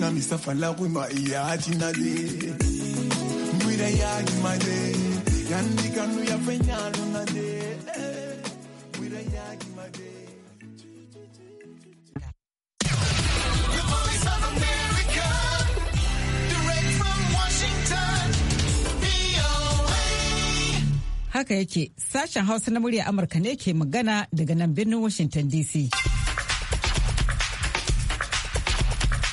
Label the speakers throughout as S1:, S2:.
S1: na misafa la kwimba iyati na de mwira yaki made yandikanu yafenyalu na de mwira yaki de
S2: Haka yake sashen Hausa na murya Amurka ne ke magana daga nan birnin Washington DC.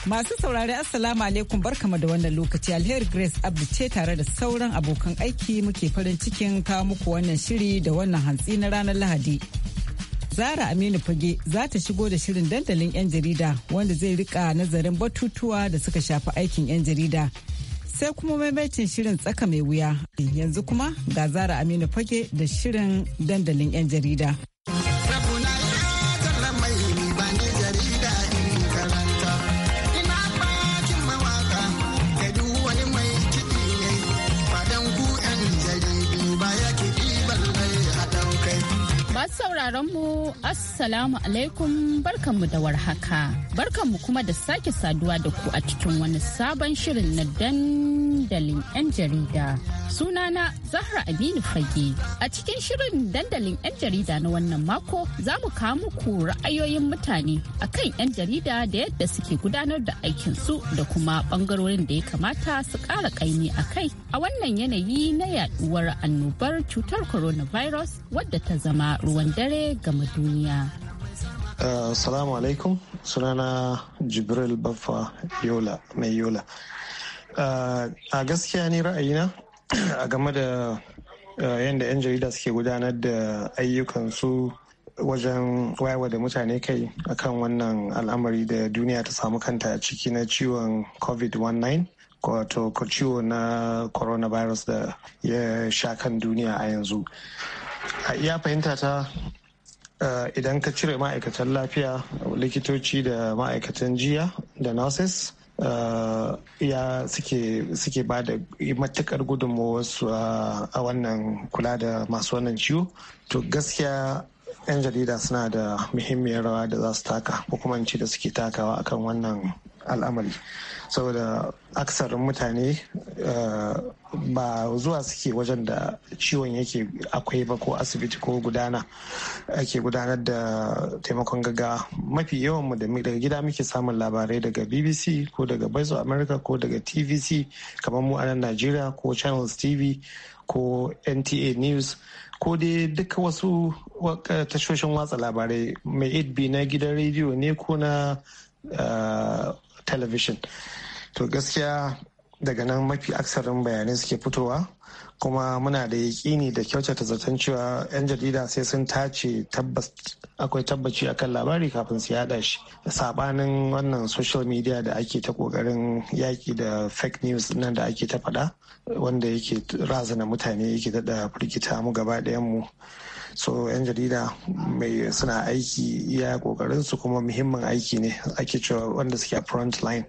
S2: Masu saurari Assalamu alaikum barkama da wannan lokaci alheri Grace Abdu ce tare da sauran abokan aiki muke farin cikin kawo muku wannan shiri da wannan hantsi na ranar Lahadi. Zara Aminu Fage za ta shigo da shirin dandalin 'yan jarida wanda zai rika nazarin batutuwa da suka shafi aikin 'yan jarida. Sai kuma maimaitin shirin tsaka mai wuya. Yanzu kuma ga Zara Aminu Fage da shirin dandalin 'yan jarida.
S3: sauraronmu Assalamu alaikum barkanmu da warhaka. Barkanmu kuma da sake saduwa da ku a cikin wani sabon shirin na dandalin 'yan jarida. Sunana Zahra Aminu Fage. A cikin shirin dandalin 'yan jarida na wannan mako za mu kawo muku ra'ayoyin mutane akan 'yan jarida da yadda suke gudanar da aikinsu da kuma bangarorin da ya kamata su kara kaini a kai a wannan yanayi na yaduwar annobar cutar coronavirus wadda ta zama ruwan dare gama duniya.
S1: Assalamu uh, alaikum sunana Jibril Baffa Yola mai Yola. Uh, a gaskiya ni ra'ayina a game da eh, yadda 'yan jarida suke gudanar da ayyukansu wajen wayewa da mutane kai akan wannan al'amari da duniya ta samu kanta a ciki na ciwon covid-19 wato ciwo na coronavirus da ya sha kan duniya a yanzu a iya fahimta ta eh, idan ka cire ma'aikatan lafiya likitoci da ma'aikatan jiya da nurses Eh, ya suke ba da matukar gudunmawarsu a wannan kula da masu wannan ciwo to gaskiya 'yan jarida suna da muhimmiyar rawa da za su taka ko kuma ce da suke takawa akan wannan al'amari saboda aksar mutane eh, ba zuwa suke wajen da ciwon yake akwai ba ko asibiti ko gudana ake gudanar da taimakon gaggawa mafi yawanmu daga gida muke samun labarai daga bbc ko daga voice of america ko daga tvc kamar mu a nan najeriya ko channels tv ko nta news ko dai duka wasu eh, tashoshin watsa labarai mai 8b na gidan rediyo ne ko na eh, television to gaskiya daga nan mafi aksarin bayanai suke fitowa kuma muna da yaƙini da kyautata zaton cewa 'yan jarida sai sun tace tabbas akwai tabbaci akan labari kafin su yada shi saɓanin wannan social media da ake ta kokarin yaƙi da fake news nan da ake ta faɗa wanda yake razana mutane yake daɗa firgita mu gaba ɗayan mu so yan jarida mai suna aiki iya kokarin su kuma muhimmin aiki ne ake cewa wanda suke a front line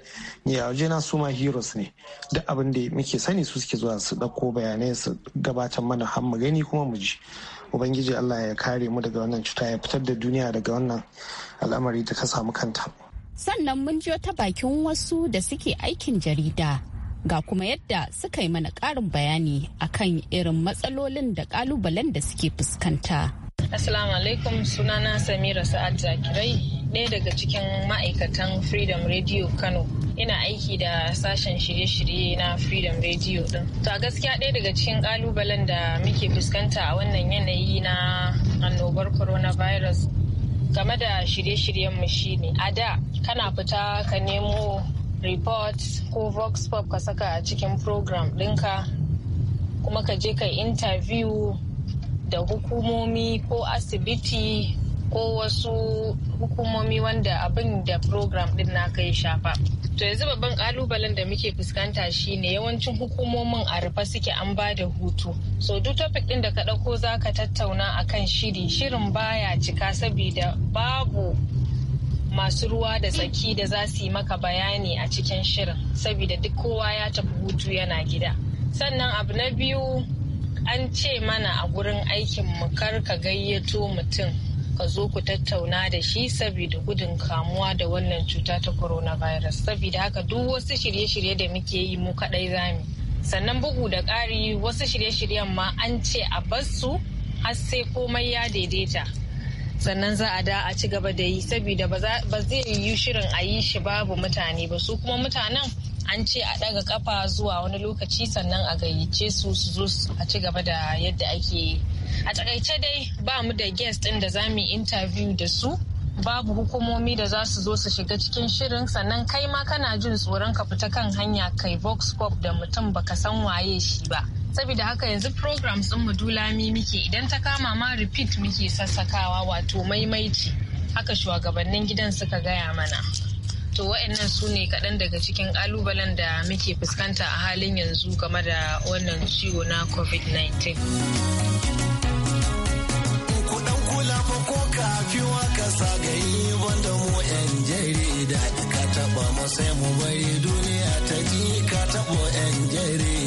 S1: ni a waje na suma heroes ne duk abin da muke sani su suke zuwa su dauko bayanai su gabatar mana har mu gani kuma mu ji ubangiji allah ya kare mu daga wannan cuta ya fitar da duniya daga wannan al'amari da ka samu kanta
S3: sannan mun ji ta bakin wasu da suke aikin jarida ga kuma yadda suka yi mana ƙarin bayani akan irin matsalolin da ƙalubalen da suke fuskanta.
S4: Assalamu alaikum sunana Samira Sa'ad Zakirai ɗaya daga cikin ma'aikatan Freedom Radio Kano. Ina aiki da sashen shirye-shirye na Freedom Radio ɗin. To a gaskiya ɗaya daga cikin ƙalubalen da muke fuskanta a wannan yanayi na annobar coronavirus game da shirye-shiryenmu shiryen shine a da kana fita ka nemo report ko vox pop ka saka a cikin program ɗinka kuma ka je ka interview da hukumomi ko asibiti ko wasu hukumomi wanda abin da program ɗin na kai shafa to yanzu babban kalubalen da muke fuskanta shine yawancin hukumomin a rufe suke an ba da hutu so duk topic ɗin da ka ɗauko za ka tattauna akan shiri shirin baya cika saboda babu masu ruwa da tsaki da za su yi maka bayani a cikin shirin saboda duk kowa ya tafi hutu yana gida sannan abu na biyu an ce mana a gurin aikin mu kar ka gayyato mutum ka zo ku tattauna da shi saboda gudun kamuwa da wannan cuta ta coronavirus saboda haka duk wasu shirye-shirye da muke yi mu kadai zami sannan bugu da ƙari wasu shirye-shiryen ma an ce a bar su har sai komai ya daidaita sannan za a da a ci gaba da yi saboda ba zai yi shirin a yi shi babu mutane ba su kuma mutanen an ce a daga kafa zuwa wani lokaci sannan a gayyace su su zo a ci gaba da yadda ake yi a takaice dai ba mu da guest din da za mu interview da su babu hukumomi da za su zo su shiga cikin shirin sannan kai ma kana jin tsoron ka fita kan hanya kai vox pop da mutum baka san waye shi ba saboda haka yanzu programs ɗin mu dulami muke idan ta kama ma repeat muke sassakawa wato maimaici haka shugabannin gidan suka gaya mana to wa'annan su ne kaɗan daga cikin ƙalubalen da muke fuskanta a halin yanzu game da wannan ciwo na covid-19
S5: sai mu bari duniya ta ji ka taɓo 'yan jere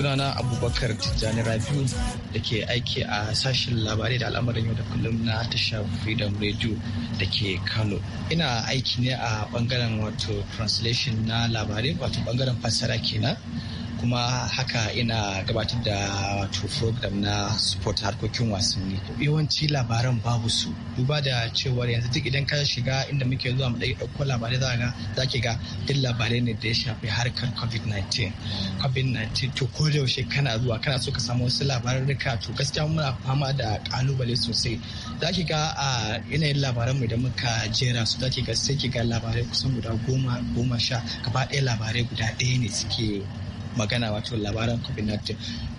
S6: sunana abubakar tijjani rabiu da ke aiki a sashen labarai da al'amarin yau da kullum na tasha freedom radio da ke kano ina aiki ne a bangaren wato translation na labarai wato bangaren fassara kenan kuma haka ina gabatar da wato program na sport harkokin wasanni yawanci labaran babu su duba da cewar yanzu duk idan ka shiga inda muke zuwa mu dai ɗauko labarai za ga za ki ga duk labarai ne da ya shafi harkar covid-19 covid-19 to ko da yaushe kana zuwa kana so ka samu wasu rika to gaskiya muna fama da kalubale sosai za ki ga a yanayin labaran mu da muka jera su za ki ga sai ki ga labarai kusan guda goma goma sha gaba ɗaya labarai guda ɗaya ne suke magana wato labaran covid-19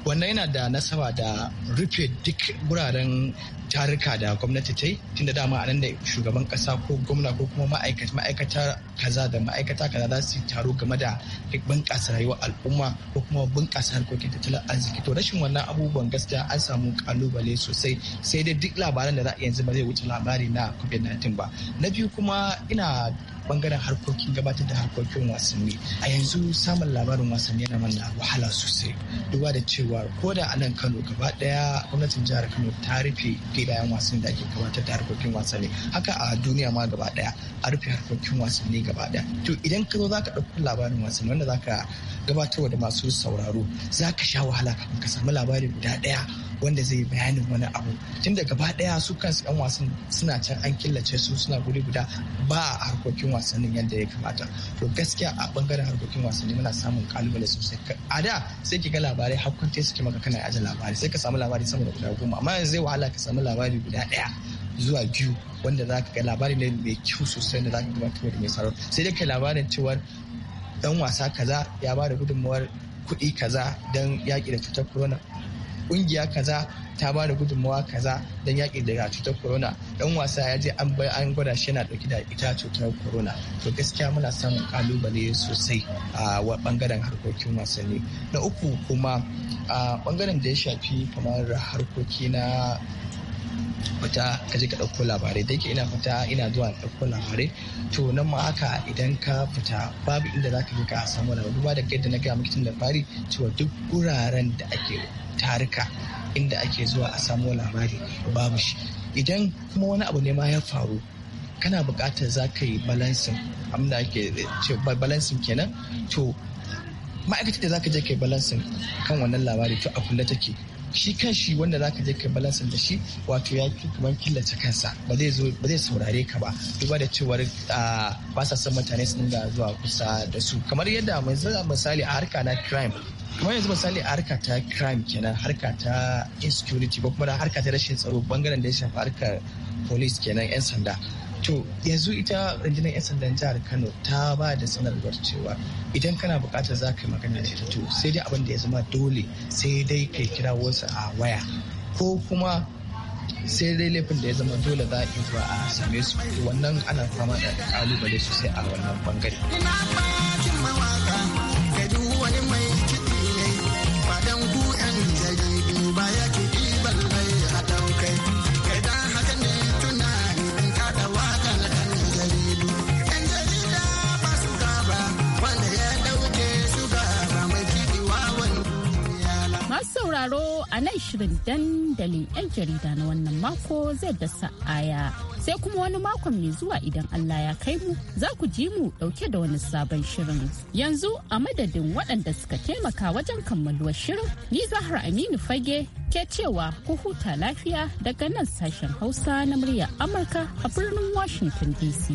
S6: wannan yana da nasaba da rufe duk wuraren tarika da gwamnati ta yi tun da dama anan da shugaban kasa ko gwamna ko kuma ma'aikata kaza da ma'aikata kaza za su taro game da bunƙasa rayuwar al'umma ko kuma bunƙasa harkokin tattalin arziki to rashin wannan abubuwan gaskiya an samu kalubale sosai sai dai duk labaran da za a yanzu ba zai wuce labari na covid-19 ba na biyu kuma ina bangaren harkokin gabatar da harkokin wasanni a yanzu samun labarin wasanni yana mana wahala sosai duba da cewa ko da a nan kano gaba daya gwamnatin jihar kano ta rufe gidayen wasanni da ake gabatar da harkokin wasanni haka a duniya ma gaba daya a rufe harkokin wasanni gaba daya to idan ka zo za ka ɗauki labarin wasanni wanda za ka gabatarwa da masu sauraro za ka sha wahala kafin ka samu labari guda daya wanda zai bayanin wani abu tun da gaba daya su kansu yan wasan suna can an killace su suna guri guda ba a harkokin wasannin yadda ya kamata to gaskiya a bangaren harkokin wasanni muna samun kalubale sosai a da sai ki ga labarai hakkunte suke maka kana aje labari sai ka samu labari sama da guda goma amma yanzu zai wahala ka samu labari guda daya zuwa biyu wanda za ka ga labari ne mai kyau sosai da za ka gabatar da mai sarau sai dai kai labarin cewar dan wasa kaza ya ba da gudunmawar kuɗi kaza don yaƙi da cutar corona kungiya kaza ta ba da gudummawa kaza don yaƙi daga cutar corona dan wasa ya je an an gwada shi yana ɗauki da ita cutar corona to gaskiya muna samun kalubale sosai a bangaren harkokin wasanni na uku kuma a bangaren da ya shafi kamar harkoki na fita ka ka ɗauko labarai da yake ina fita ina zuwa ɗauko labarai to nan ma haka idan ka fita babu inda za ka je ka samu labarai duba da yadda na gaya miki tun da fari cewa duk wuraren da ake Taruka inda ake zuwa a samo labari babu shi idan kuma wani abu ne ma ya faru kana bukatar za ka yi balansin abinda ake ce balansin kenan to ma'aikatar da za ka je kai balansin kan wannan labari to a kulle take shi kan shi wanda za ka je kai balansin da shi wato ya kamar killace kansa ba zai saurare ka ba duba da cewar ba sa son mutane su dinga zuwa kusa da su kamar yadda misali a harka na crime kamar yanzu misali a harka ta crime kenan harka ta insecurity ko kuma harka ta rashin tsaro bangaren da ya shafi harkar police kenan yan sanda to yanzu ita rundunar 'yan sandan jihar kano ta ba da sanarwar cewa idan kana bukatar za ka yi magana da ita to sai dai abin da ya zama dole sai dai kai kira wasu a waya ko kuma sai dai laifin da ya zama dole za a yi zuwa a same su wannan ana fama da kalubale sosai a wannan bangare.
S3: sauraro a nan shirin dandalin 'yan jarida na wannan mako zai da sa'aya. Sai kuma wani makon mai zuwa idan Allah ya kai mu za ku ji mu dauke da wani sabon shirin. Yanzu a madadin waɗanda suka taimaka wajen kammaluwar shirin, ni zahar Aminu Fage ke cewa ku huta lafiya daga nan sashen Hausa na murya Amurka a birnin Washington DC.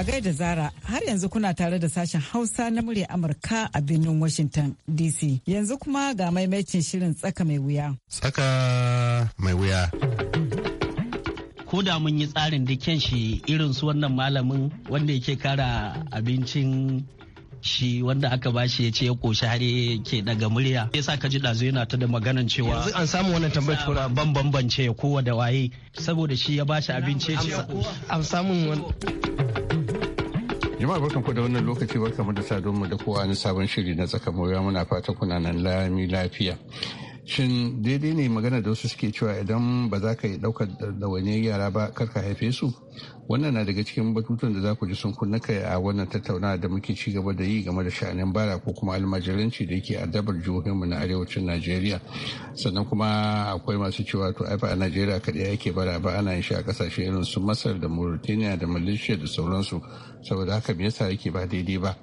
S2: a gaida zara har yanzu kuna tare da sashen hausa na murya amurka a birnin washington dc yanzu kuma ga maimacin shirin tsaka mai wuya
S7: tsaka mai wuya
S8: ko da mun yi tsarin da shi irin su wannan malamin wanda yake kara abincin shi wanda aka ba shi ya ce ya koshi har ke daga murya ya sa ka ji ɗazu yana ta da maganan cewa yanzu an samu wannan tambayar tukuna ban bambance ya kowa da waye saboda shi ya bashi abinci ya ce ya koshi
S7: wani Jama'a barkan ku da wannan lokaci barkan mu da sadon mu da kowa na sabon shiri na tsaka mawuya muna fata kuna nan lami lafiya. Shin daidai ne magana da wasu suke cewa idan ba za ka yi ɗaukar da wani yara ba kar ka haife su wannan na daga cikin batutun da za ku ji sun kunna kai a wannan tattaunawa da muke ci gaba da yi game da sha'anin bara ko kuma almajiranci da yake addabar jihohinmu na arewacin najeriya sannan kuma akwai masu cewa to fa a najeriya kaɗai ake bara ba ana yin shi a ƙasashe irin su masar da mauritania da malaysia da sauransu saboda haka me yasa yake ba daidai ba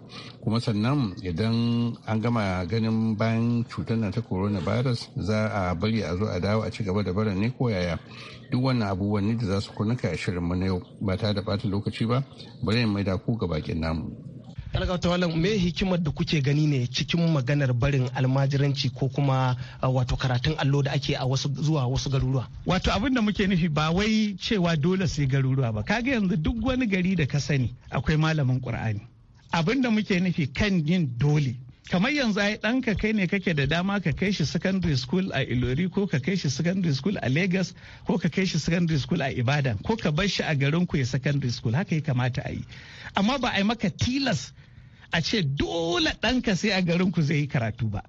S7: kuma sannan idan an gama ganin bayan cutar na ta coronavirus za a bari a zo a dawo a ci gaba da barin ne ko yaya duk wannan abubuwan ne da za su kunuka shirin mu na yau ba ta da bata lokaci ba bari mai da ku ga bakin namu
S9: alƙawta wallan me hikimar da kuke gani ne cikin maganar barin almajiranci ko kuma wato karatun allo da ake a wasu
S10: zuwa wasu garuruwa wato abin da muke nufi ba wai cewa dole sai garuruwa ba kaga yanzu duk wani gari da ka sani akwai malamin ƙur'ani abin da muke nufi kan yin dole kamar yanzu ai ɗanka kai ne kake da dama ka kai shi secondary school a ilori ko ka kai shi secondary school a lagos ko ka kai shi secondary school a ibadan ko ka bar shi a garin ku ya secondary school haka ya kamata a yi amma ba a yi maka tilas a ce dole ɗanka sai a garin ku zai yi karatu ba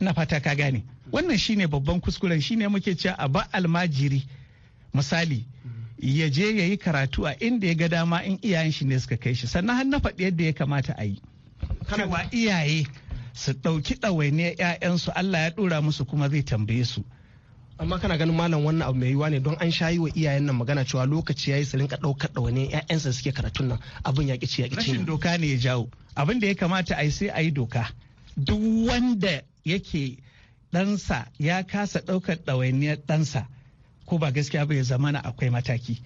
S10: na fata ka gane wannan shine babban kuskuren shine muke cewa a ba almajiri misali ya je ya karatu a inda ya ga dama in iyayen shi ne suka kai shi sannan har na faɗi yadda ya kamata a yi cewa iyaye su ɗauki ɗawainiyar 'ya'yansu Allah ya ɗora musu kuma zai tambaye su.
S9: amma kana ganin malam wannan abu mai yiwuwa ne don an shayi wa iyayen nan magana cewa lokaci ya yi su rinka ɗaukar
S10: ɗawane ƴaƴansa suke karatun nan abin ya ƙici ya ƙici rashin doka ne ya jawo abin da ya kamata a yi sai a yi doka duk wanda yake ɗansa ya kasa ɗaukar ɗawainiyar ɗansa ko ba gaskiya ba ya zamana akwai mataki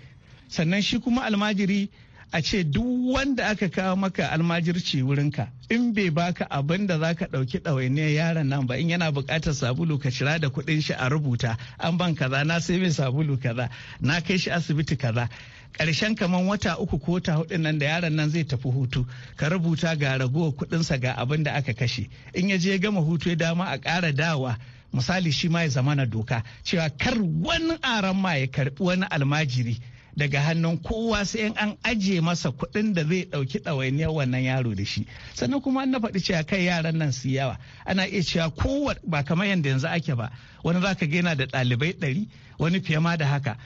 S10: sannan shi kuma almajiri a ce duk wanda aka kawo maka almajirci wurinka in bai baka abin da za ka ɗauki ɗawainiyar yaron nan ba in yana buƙatar sabulu ka cira da kuɗin shi a rubuta an ban kaza na sai sabulu kaza na kai shi asibiti kaza ƙarshen kamar wata uku ko wata hudu nan da yaron nan zai tafi hutu ka rubuta ga ragowar kuɗinsa ga abin da aka kashe in ya je gama hutu ya dama a ƙara dawa misali shi ma ya zama na doka cewa kar wani aran ma ya karɓi wani almajiri daga hannun kowa sai an ajiye masa kuɗin da zai ɗauki ɗawainiyar wannan yaro da shi sannan kuma an na faɗi cewa kai yaran nan su yawa ana iya cewa kowa ba kamar yadda yanzu ake ba wani zaka ga yana da ɗalibai ɗari wani fiye ma da haka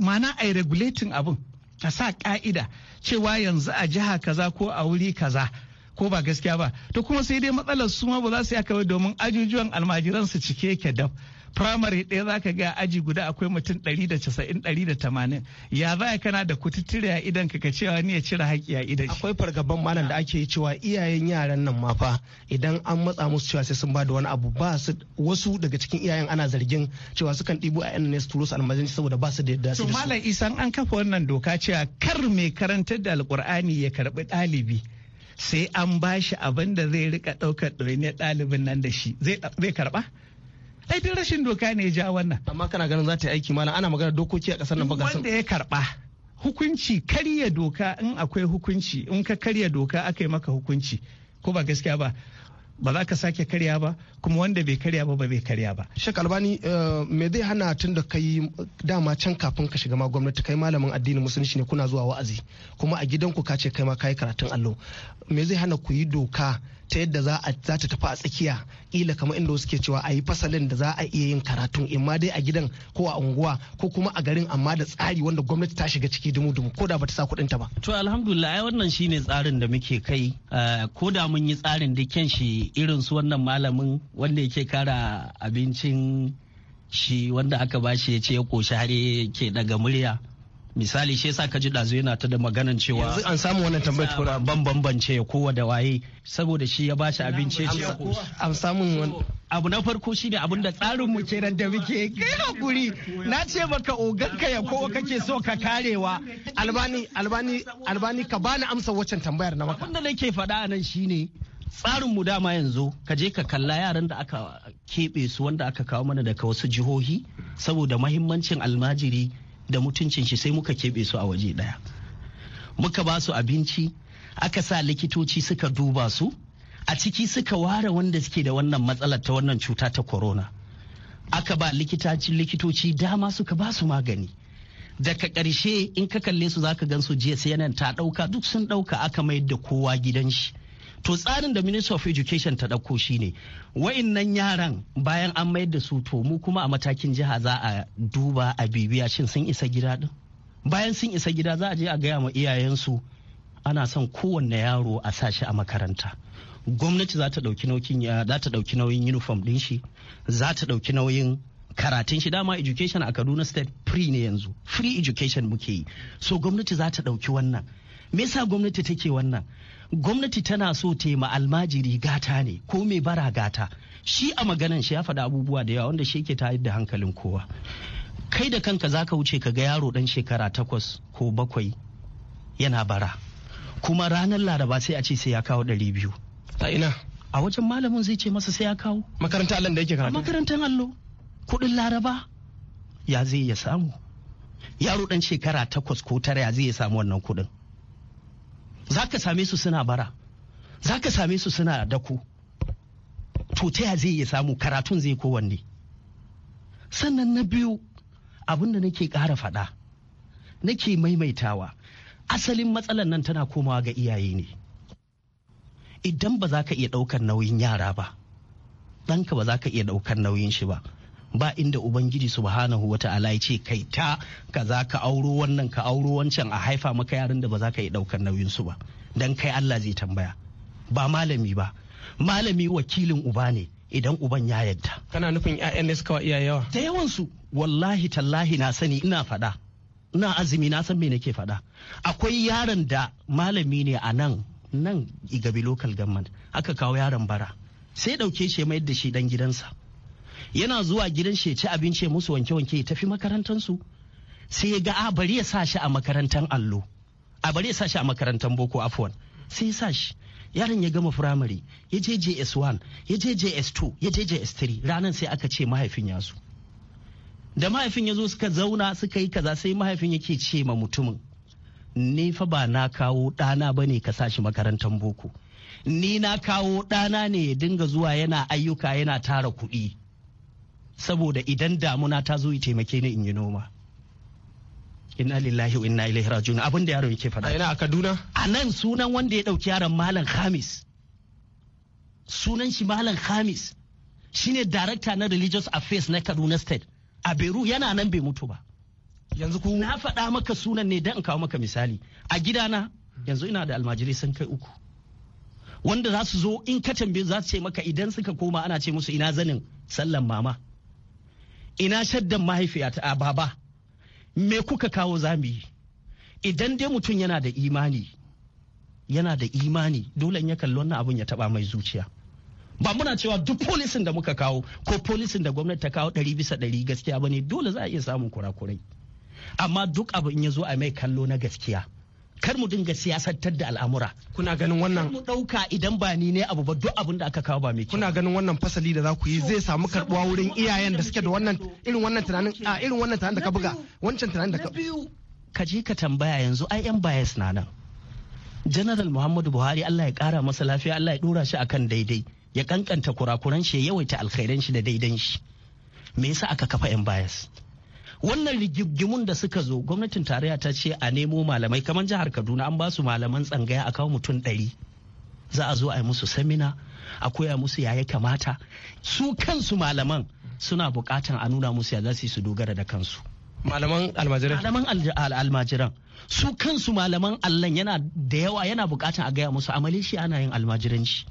S10: mana a regulating abin ka sa ka'ida cewa yanzu a jiha kaza ko a wuri kaza ko ba gaskiya ba to kuma sai dai matsalar su ma ba za su yi domin ajujuwan almajiran su cike ke dab primary ɗaya za ka ga aji guda akwai mutum 190-180 ya za kana da kututture a idan ka cewa ni ya cire haƙi a idan akwai fargaban malam da ake cewa iyayen yaran nan ma
S9: fa idan an matsa musu cewa sai sun ba da wani abu ba su wasu daga cikin iyayen ana zargin cewa sukan ɗibo a ne su turo
S10: su almajiranci saboda ba su da yadda su malam isan an kafa wannan doka cewa kar mai karantar da alkur'ani ya karɓi ɗalibi sai an shi abin da zai rika ɗaukar ɗoyin ɗalibin nan da shi zai karɓa ai duk rashin doka ne ya ja wannan amma kana ganin za ta yi aiki mana ana magana dokoki a kasar nan ba wanda ya karba hukunci karya doka in akwai hukunci in ka karya doka aka yi maka hukunci ko ba gaskiya ba ba za ka sake karya ba kuma wanda bai karya ba ba bai karya ba.
S9: Shek Albani eh, me zai hana tun da kai dama can kafin ka shiga ma gwamnati kai malamin addinin musulunci ne kuna zuwa wa'azi kuma a gidanku ka ce kai ma kai karatun allo me zai hana ku yi doka ta yadda za a ta tafi a tsakiya kila kamar inda wasu ke cewa a yi fasalin da za a iya yin karatun imma dai a gidan ko a unguwa ko kuma a garin amma da tsari wanda gwamnati ta shiga ciki dumu dumu ko da bata sa kuɗin ta ba
S8: to alhamdulillah ai wannan ne tsarin da muke kai ah, ko da mun yi tsarin da kyan shi irin su wannan malamin wanda yake kara abincin shi wanda aka bashi ya ce ya koshi har ke daga murya misali shi yasa ka ji ɗazu yana ta da maganan cewa yanzu an samu wannan tambayar tura ban bambance ya kowa da waye saboda shi ya bashi abinci ya an samu abu na farko shine abin da tsarin mu kenan da muke kai guri na ce maka oganka ya kowa kake so ka karewa albani albani albani ka bani amsa waccan tambayar na maka abinda nake faɗa nan shine tsarin mu dama yanzu ka je ka kalla yaran da aka keɓe su wanda aka kawo mana daga wasu jihohi saboda mahimmancin almajiri da mutuncin shi sai muka keɓe su a waje ɗaya muka ba su abinci aka sa likitoci suka duba su a ciki suka ware wanda suke da wannan matsalar ta wannan cuta ta corona aka ba likitaci likitoci dama suka ba su magani daga ƙarshe in ka kalle su zaka gan su jiya sai yana ta ɗauka duk sun ɗauka aka mayar da kowa gidan shi to tsarin da minister of education ta ɗauko shine wa'innan yaran bayan an mayar da su to mu kuma a matakin jiha za a duba a bibiya shin sun isa gida din bayan sun isa gida za a je a gaya ma iyayensu ana son kowanne yaro a sa a makaranta gwamnati eh, za ta ɗauki nauyin uniform ɗin shi za ta ɗauki nauyin karatun shi dama education a kaduna state free ne yanzu free education muke yi so gwamnati za ta ɗauki wannan me yasa gwamnati take wannan gwamnati tana so ta ma almajiri gata ne ko mai bara gata shi a maganan shi ya faɗi abubuwa da yawa wanda shi ke tayar da hankalin kowa kai da kanka zaka wuce ka ga yaro dan shekara takwas ko bakwai yana bara kuma ranar laraba sai a ce sai ya kawo ɗari biyu a ina a wajen malamin zai ce masa sai ya kawo makarantar allon da yake karatu makarantar allo kuɗin laraba ya zai ya samu yaro dan shekara takwas ko tara ya zai ya samu wannan kuɗin za ka same su suna bara za ka same su suna dako to ta zai iya samu karatun zai kowanne sannan na biyu abin da nake ƙara faɗa nake maimaitawa asalin matsalan nan tana komawa ga iyaye ne idan ba za ka iya ɗaukar nauyin yara ba ɗanka ba za ka iya ɗaukar nauyin shi ba ba inda ubangiji subhanahu wata'ala ya ce kai ta kaza ka auro wannan ka auro wancan a haifa maka yaran da ba za ka yi daukar nauyin su ba dan kai Allah zai tambaya ba malami ba malami wakilin uba ne idan uban ya yadda kana nufin ƴaƴan ne suka iya yawa da yawan su wallahi tallahi na sani ina faɗa ina azumi na san me nake faɗa akwai yaron da malami ne a nan nan igabi local government aka kawo yaron bara sai dauke shi mai da shi dan gidansa yana zuwa gidan shi ya ci abinci ya musu wanke-wanke ya tafi makarantansu sai ya ga a ah, bari ya sa shi a makarantan allo a bari ya sa shi a makarantar boko afwan sai ya sa shi yaron ya gama firamare ya je js1 ya je js2 ya je js3 ranar sai aka ce mahaifin ya zo da mahaifin ya zo suka zauna suka yi kaza sai mahaifin yake ce ma mutumin ni fa ba na kawo ɗana ba ne ka sa shi makarantar boko ni na kawo ɗana ne ya dinga zuwa yana ayyuka yana tara kuɗi saboda idan damuna ta zo yi taimake ni in yi noma inna lillahi wa inna ilaihi rajiun abin da yaron yake faɗa ina a Kaduna a nan sunan wanda ya ɗauki yaron Malam Khamis sunan shi Malam Khamis shine director na religious affairs na Kaduna state a Beru yana nan bai mutu ba yanzu ku na faɗa maka sunan ne dan in kawo maka misali a gidana yanzu ina da almajirai sun kai uku wanda za su zo in ka tambaye za su ce maka idan suka koma ana ce musu ina zanin sallan mama ina shaddan mahaifiyata a baba me kuka kawo za yi idan dai mutum yana da imani yana da imani dole ya kalli wannan abun ya taba mai zuciya ba muna cewa duk polisin da muka kawo ko polisin da gwamnati ta kawo ɗari bisa ɗari gaskiya ba ne dole za a iya samun kurakurai amma duk abu in ya zo a mai kallo na gaskiya kar mu dinga siyasantar da al'amura kuna ganin wannan mu dauka idan ba ni ne abu ba duk abin da aka kawo ba mai kuna ganin wannan fasali da za ku yi zai samu karbuwa wurin iyayen da suke da wannan irin
S9: wannan tunanin a irin wannan tunanin da ka buga
S8: wancan tunanin da ka ka je ka tambaya yanzu ai yan bias na nan general muhammadu buhari allah ya kara masa lafiya allah ya dora shi akan daidai ya kankanta kurakuran shi ya yawaita alkhairan shi da daidan shi me yasa aka kafa yan bias wannan rigigimun da suka zo gwamnatin tarayya ta ce a nemo malamai kamar jihar kaduna an basu su malaman tsangaya a kawo mutum ɗari za a zo a yi musu samina a koya musu ya kamata su kansu malaman suna bukatan a nuna musu ya za su yi su dogara da kansu malaman almajiran malaman almajiran su kansu malaman allan yana da yawa yana bukatan a gaya musu amale shi ana yin almajiranci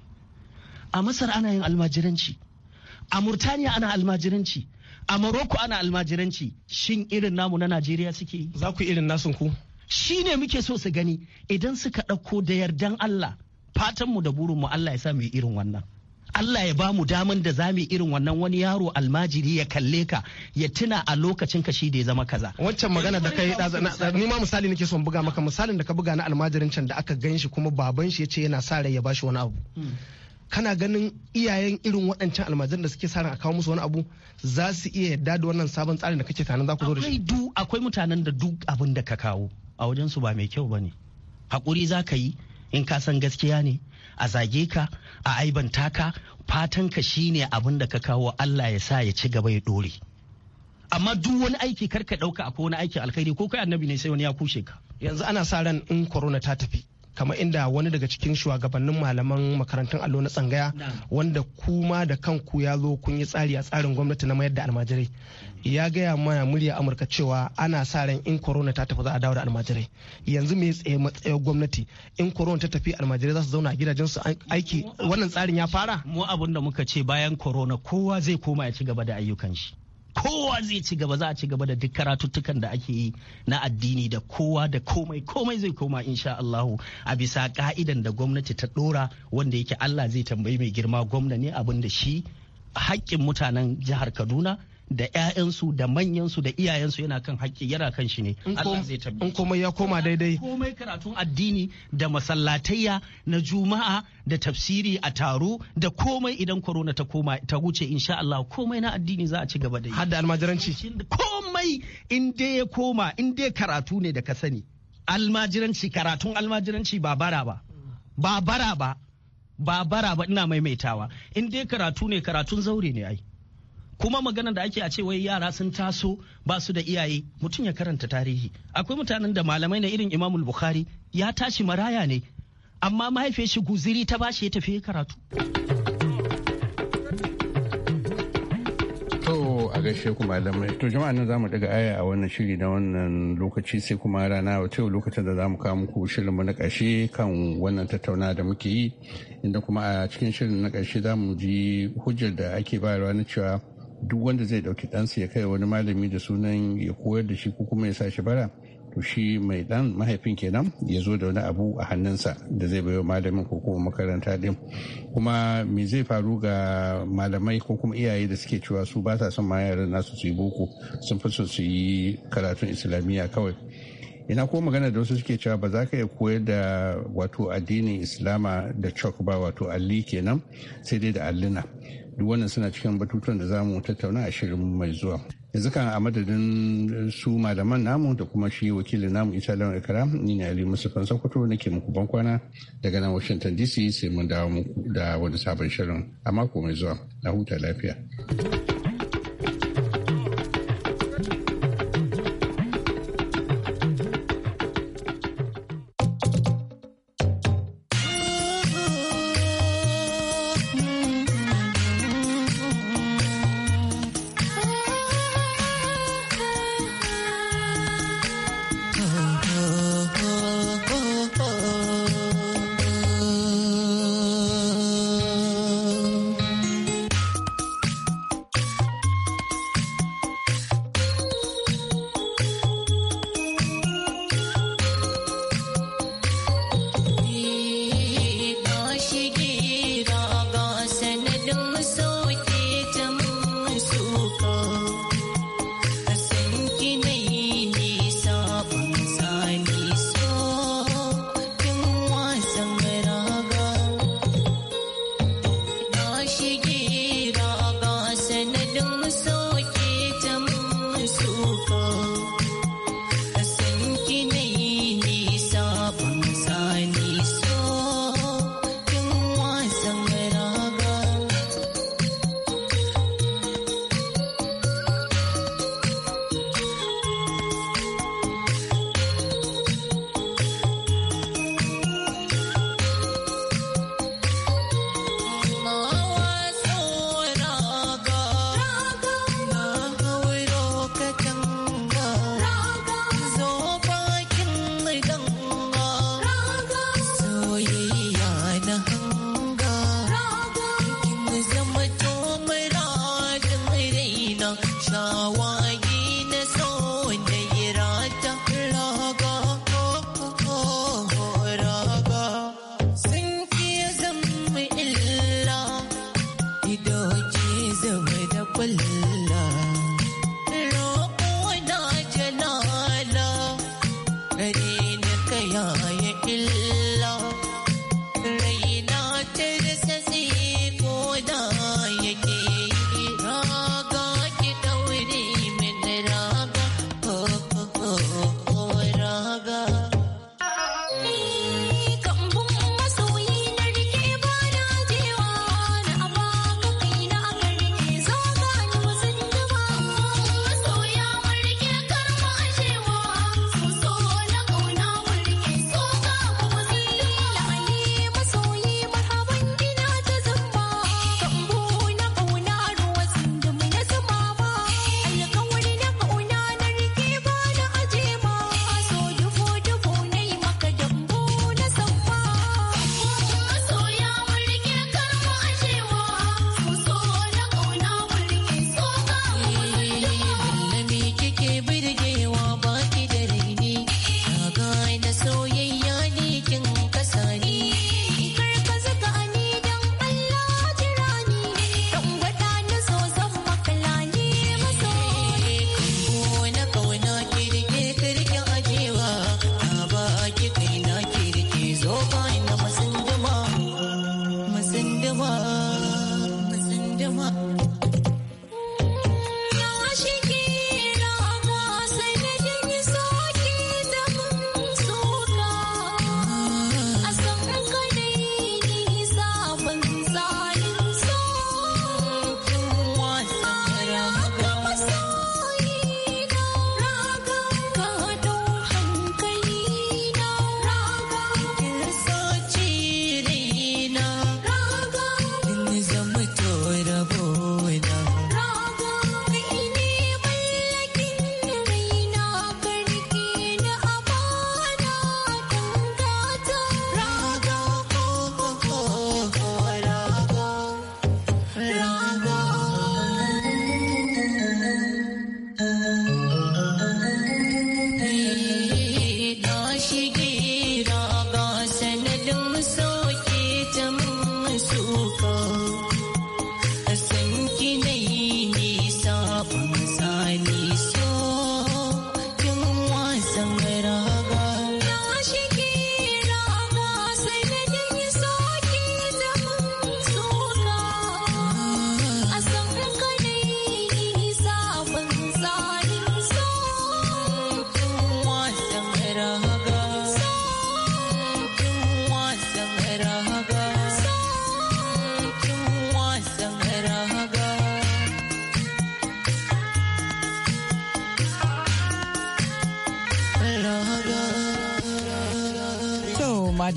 S8: a masar ana yin almajiranci a murtaniya ana almajiranci a Morocco ana almajiranci shin irin namu na Najeriya suke za ku irin nasun ku shi ne muke so su gani idan suka ɗauko da yardan Allah fatanmu da burin mu Allah ya sa mu irin wannan Allah ya ba mu daman da zamu irin wannan wani yaro almajiri ya kalle ka ya tuna a lokacin ka shi da ya zama kaza. Wancan magana da kai
S9: ni ma misali nake son buga maka misalin da ka buga na almajirin can da aka ganshi kuma baban shi ce yana sa rai ya bashi wani abu. Hmm. kana ganin iyayen irin waɗancan almajiran da suke sarin a kawo musu wani abu za su iya yarda da wannan
S8: sabon tsarin da kake tanan za ku zo da shi akwai mutanen da duk abin da ka kawo a wajen su ba mai kyau bane hakuri za ka yi in ka san gaskiya ne a zage ka a aibanta ka fatan ka shine abin da ka kawo Allah ya sa ya ci gaba ya dore amma duk wani aiki kar ka dauka akwai wani aikin alkhairi ko kai annabi ne sai wani ya kushe ka yanzu ana sa
S9: ran in corona ta tafi kamar inda wani daga cikin shugabannin malaman makarantun allo na tsangaya wanda kuma da kanku ya zo kun yi tsari a tsarin gwamnati na mayar da almajirai ya gaya mana murya amurka cewa ana sa ran in corona ta tafi za a dawo da almajirai yanzu me tsaye matsayar gwamnati in corona ta tafi almajirai za su zauna a gidajen su aiki
S8: wannan tsarin ya fara mu abin da muka ce bayan corona kowa zai koma ya ci gaba da ayyukan shi kowa zai ci gaba za a ci gaba da duk karatuttukan da ake yi na addini da kowa da komai komai zai koma insha Allahu a bisa ka'idan da gwamnati ta dora wanda yake Allah zai tambayi mai girma gwamna ne abin da shi haƙƙin mutanen jihar Kaduna da ƴaƴansu da manyansu da iyayensu yana kan haƙƙi yana kan shi ne Allah in komai ya koma daidai komai karatun addini da masallatayya na juma'a da tafsiri a taro da komai idan korona ta koma ta wuce insha Allah komai na addini za a ci gaba da yi hadda almajiranci komai in dai ya koma in dai karatu ne da ka sani almajiranci karatun almajiranci ba bara ba ba bara ba ba bara ba ina maimaitawa in dai karatu ne karatun zaure ne ai kuma maganar da ake a ce wai yara sun taso ba su da iyaye mutum ya karanta tarihi akwai mutanen da malamai na irin imamul bukhari ya tashi maraya ne amma mahaifiyar shi guziri ta bashi ya tafi karatu
S7: a gaishe ku malamai to jama'a nan zamu daga aya a wannan shiri na wannan lokaci sai kuma rana wata lokacin da zamu kawo muku shirin mu na karshe kan wannan tattauna da muke yi inda kuma a cikin shirin na karshe zamu ji hujjar da ake bayarwa na cewa duk wanda zai dauki ɗansa ya kai wani malami da sunan ya koyar da shi ko kuma ya sa shi bara to shi mai dan mahaifin kenan ya zo da wani abu a hannunsa da zai bayo malamin ko kuma makaranta din kuma me zai faru ga malamai ko kuma iyaye da suke cewa su ba sa son ma yaran nasu su yi boko sun fi so su yi karatun islamiyya kawai ina ko magana da wasu suke cewa ba za ka iya koyar da wato addinin islama da chok ba wato alli kenan sai dai da allina duk wannan suna cikin batutuwan da za mu tattauna a shirin mai zuwa yanzu kan a madadin su malaman namu da kuma shi wakilin namu isa lawan ikara ni ne ali kan sokoto nake muku bankwana daga nan washington dc sai mun dawo muku da wani sabon shirin a mako mai zuwa na huta lafiya.
S11: volver.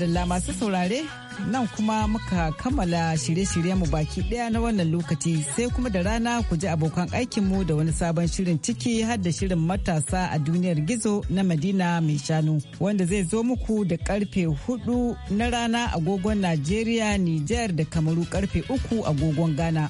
S2: madalla masu saurare nan kuma muka kammala shirye shiryenmu mu baki daya na wannan lokaci sai kuma da rana ku ji abokan aikinmu da wani sabon shirin ciki har da shirin matasa a duniyar gizo na madina mai shanu wanda zai zo muku da karfe hudu na rana agogon najeriya niger da kamaru karfe uku agogon ghana